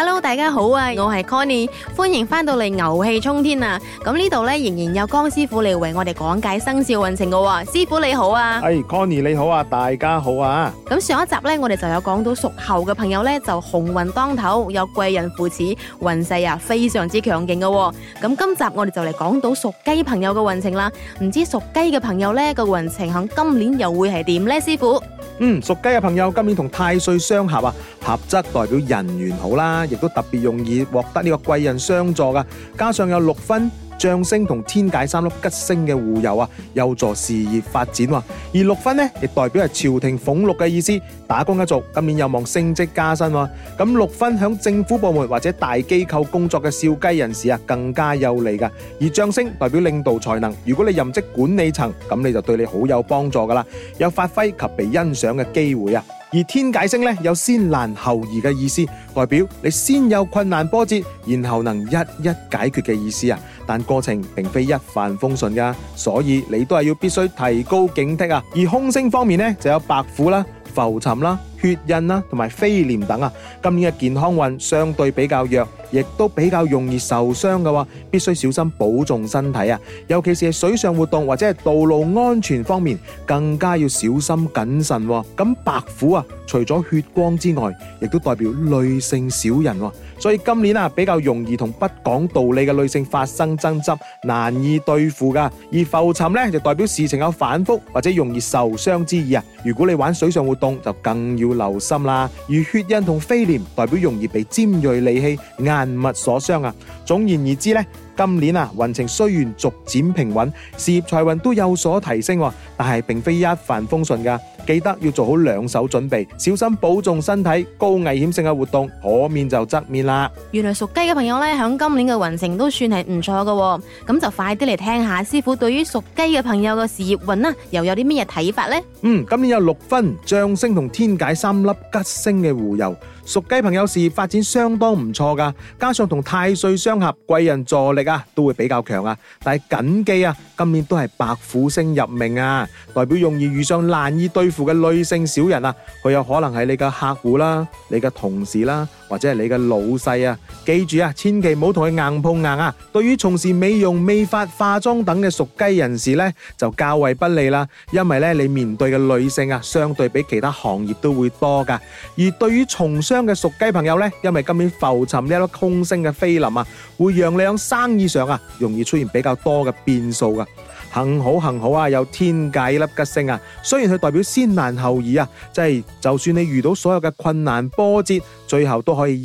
Hello，大家好啊，我係 Conny，歡迎翻到嚟牛氣沖天啊！咁呢度咧仍然有江師傅嚟為我哋講解生肖運程噶喎，師傅你好啊！哎，hey，Conny 你好啊，大家好啊！咁上一集咧，我哋就有講到屬猴嘅朋友咧就鴻運當頭，有貴人扶持，運勢啊非常之強勁噶。咁今集我哋就嚟講到屬雞朋友嘅運程啦，唔知屬雞嘅朋友咧個運程喺今年又會係點咧，師傅？嗯，屬雞嘅朋友，今年同太歲相合啊，合則代表人緣好啦，亦都特別容易獲得呢個貴人相助㗎，加上有六分、將星同天解三粒吉星嘅護佑啊，有助事業發展喎。而六分呢，亦代表係朝廷俸祿嘅意思，打工一族今年有望升職加薪喎。咁、嗯、六分響政府部門或者大機構工作嘅少雞人士啊，更加有利噶。而將星代表領導才能，如果你任職管理層，咁你就對你好有幫助噶啦，有發揮及被欣賞嘅機會啊。而天解星呢，有先難後易嘅意思，代表你先有困難波折，然後能一一解決嘅意思啊。但過程並非一帆風順㗎，所以你都係要必須提高警惕啊。而空星方面呢，就有白虎啦。浮沉啦、血印啦、同埋飛廉等啊，今年嘅健康運相對比較弱，亦都比較容易受傷嘅，必須小心保重身體啊！尤其是水上活動或者係道路安全方面，更加要小心謹慎。咁白虎啊，除咗血光之外，亦都代表女性小人。所以今年啊，比較容易同不講道理嘅女性發生爭執，難以對付噶。而浮沉呢，就代表事情有反覆或者容易受傷之意啊。如果你玩水上活動，就更要留心啦。而血印同飛廉，代表容易被尖銳利器、硬物所傷啊。總言而之呢。今年啊，運程雖然逐漸平穩，事業財運都有所提升，但係並非一帆風順噶。記得要做好兩手準備，小心保重身體。高危險性嘅活動，可免就則免啦。原來屬雞嘅朋友呢，響今年嘅運程都算係唔錯嘅。咁就快啲嚟聽下師傅對於屬雞嘅朋友嘅事業運啊，又有啲咩睇法呢？嗯，今年有六分、將星同天解三粒吉星嘅護佑。屬雞朋友事業發展相當唔錯噶，加上同太歲相合、貴人助力啊，都會比較強啊。但係謹記啊，今年都係白虎星入命啊，代表容易遇上難以對付嘅女性小人啊。佢有可能係你嘅客戶啦、你嘅同事啦，或者係你嘅老細啊。記住啊，千祈唔好同佢硬碰硬啊。對於從事美容、美髮、化妝等嘅屬雞人士呢，就較為不利啦，因為呢，你面對嘅女性啊，相對比其他行業都會多噶。而對於從商，嘅屬雞朋友呢，因為今年浮沉呢粒空星嘅飛臨啊，會讓你喺生意上啊容易出現比較多嘅變數噶。幸好幸好啊，有天界呢粒吉星啊，雖然佢代表先難後易啊，即係就算你遇到所有嘅困難波折，最後都可以一一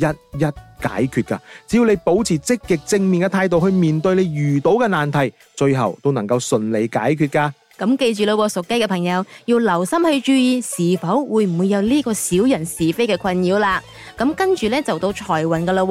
解決噶。只要你保持積極正面嘅態度去面對你遇到嘅難題，最後都能夠順利解決噶。咁記住啦，屬雞嘅朋友要留心去注意，是否會唔會有呢個小人是非嘅困擾啦？咁跟住呢，就到財運嘅啦，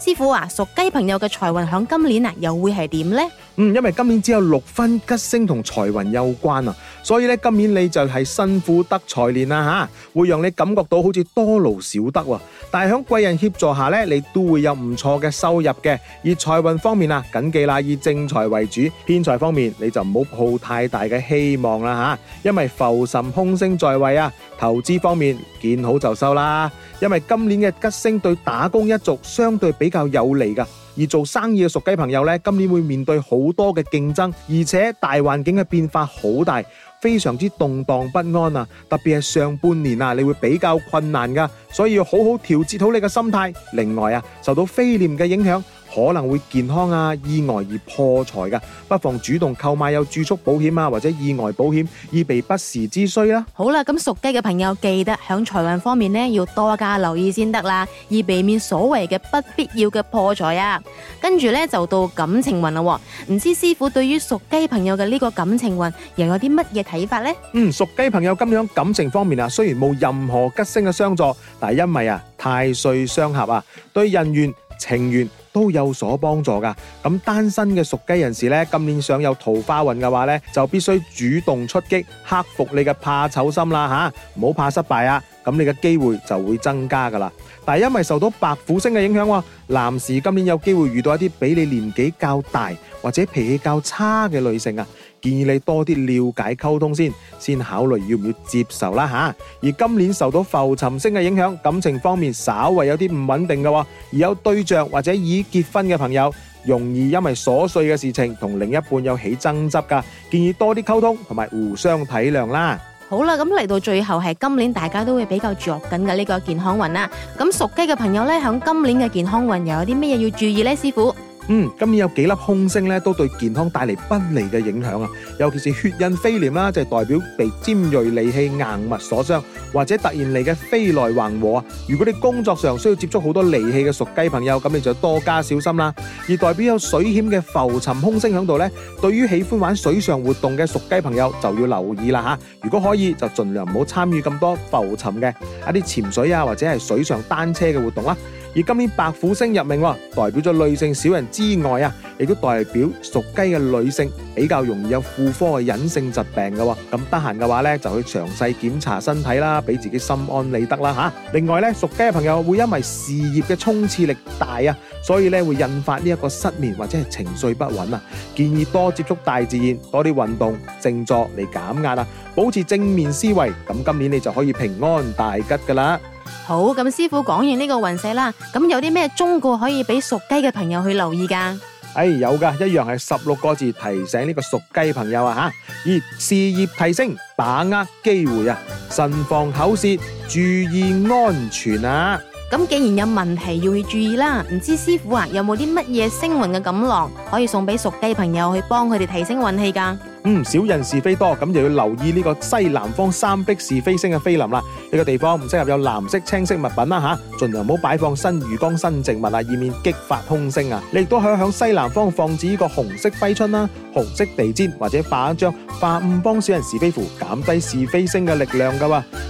師傅啊，屬雞朋友嘅財運響今年啊，又會係點呢？嗯，因為今年只有六分吉星同財運有關啊，所以咧今年你就係辛苦得財年啦吓，會讓你感覺到好似多勞少得喎。但係喺貴人協助下咧，你都會有唔錯嘅收入嘅。而財運方面啊，謹記啦，以正財為主，偏財方面你就唔好抱太大嘅希望啦吓。因為浮沉空星在位啊，投資方面見好就收啦。因為今年嘅吉星對打工一族相對比較有利噶。而做生意嘅屬雞朋友咧，今年會面對好多嘅競爭，而且大環境嘅變化好大，非常之動盪不安啊！特別係上半年啊，你會比較困難噶，所以要好好調節好你嘅心態。另外啊，受到飛廉嘅影響。可能會健康啊，意外而破財嘅，不妨主動購買有住宿保險啊，或者意外保險，以備不時之需啦、啊。好啦，咁屬雞嘅朋友記得響財運方面呢，要多加留意先得啦，以避免所謂嘅不必要嘅破財啊。跟住呢，就到感情運啦、啊，唔知師傅對於屬雞朋友嘅呢個感情運又有啲乜嘢睇法呢？嗯，屬雞朋友咁樣感情方面啊，雖然冇任何吉星嘅相助，但係因為啊太歲相合啊，對人緣。情緣都有所幫助噶咁單身嘅屬雞人士呢，今年想有桃花運嘅話呢，就必須主動出擊，克服你嘅怕醜心啦吓，唔好怕失敗啊，咁你嘅機會就會增加噶啦但係因為受到白虎星嘅影響，男士今年有機會遇到一啲比你年紀較大或者脾氣較差嘅女性啊。建議你多啲了解溝通先，先考慮要唔要接受啦吓、啊。而今年受到浮沉星嘅影響，感情方面稍微有啲唔穩定嘅，而有對象或者已結婚嘅朋友，容易因為瑣碎嘅事情同另一半有起爭執噶。建議多啲溝通同埋互相體諒啦。好啦，咁嚟到最後係今年大家都會比較着緊嘅呢個健康運啦。咁屬雞嘅朋友咧，響今年嘅健康運又有啲咩嘢要注意呢？師傅？嗯，今年有幾粒空星咧，都對健康帶嚟不利嘅影響啊！尤其是血印飛廉啦，就是，代表被尖銳利器、硬物所傷，或者突然嚟嘅飛來橫禍啊！如果你工作上需要接觸好多利器嘅屬雞朋友，咁你就要多加小心啦。而代表有水險嘅浮沉空星喺度咧，對於喜歡玩水上活動嘅屬雞朋友就要留意啦吓！如果可以，就盡量唔好參與咁多浮沉嘅一啲潛水啊，或者係水上單車嘅活動啦。而今年白虎星入命，代表咗女性小人之外啊，亦都代表屬雞嘅女性比較容易有婦科嘅隱性疾病嘅。咁得閒嘅話呢，就去詳細檢查身體啦，俾自己心安理得啦吓。另外呢，屬雞嘅朋友會因為事業嘅衝刺力大啊，所以呢會引發呢一個失眠或者係情緒不穩啊。建議多接觸大自然，多啲運動、靜坐嚟減壓啊，保持正面思維。咁今年你就可以平安大吉噶啦。好，咁師傅講完呢個運勢啦，咁有啲咩忠告可以俾屬雞嘅朋友去留意噶？哎，有噶，一樣係十六個字提醒呢個屬雞朋友啊吓，以事業提升，把握機會啊，慎防口舌，注意安全啊。咁既然有問題要去注意啦，啊，唔知師傅啊有冇啲乜嘢星運嘅錦囊可以送俾屬雞朋友去幫佢哋提升運氣噶？嗯，小人是非多，咁就要留意呢個西南方三壁是非星嘅飛臨啦。呢個地方唔適合有藍色、青色物品啦吓，盡量唔好擺放新魚缸、新植物啊，以免激發凶星啊。你亦都可向西南方放置呢個紅色揮春啦、紅色地氈或者化一張化五幫小人是非符，減低是非星嘅力量噶。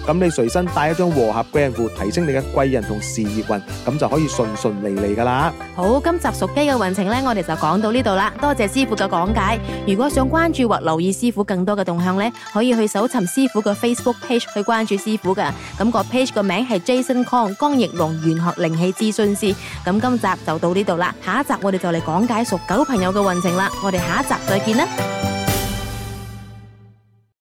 咁你隨身帶一張和合貴人符，提升你嘅貴人同事業運，咁就可以順順利利噶啦。好，今集屬雞嘅運程呢，我哋就講到呢度啦。多謝師傅嘅講解。如果想關注運，留意師傅更多嘅動向咧，可以去搜尋師傅嘅 Facebook page 去關注師傅嘅。咁個 page 個名係 Jason Kong 江奕龍玄學靈氣諮詢師。咁今集就到呢度啦，下一集我哋就嚟講解屬狗朋友嘅運程啦。我哋下一集再見啦。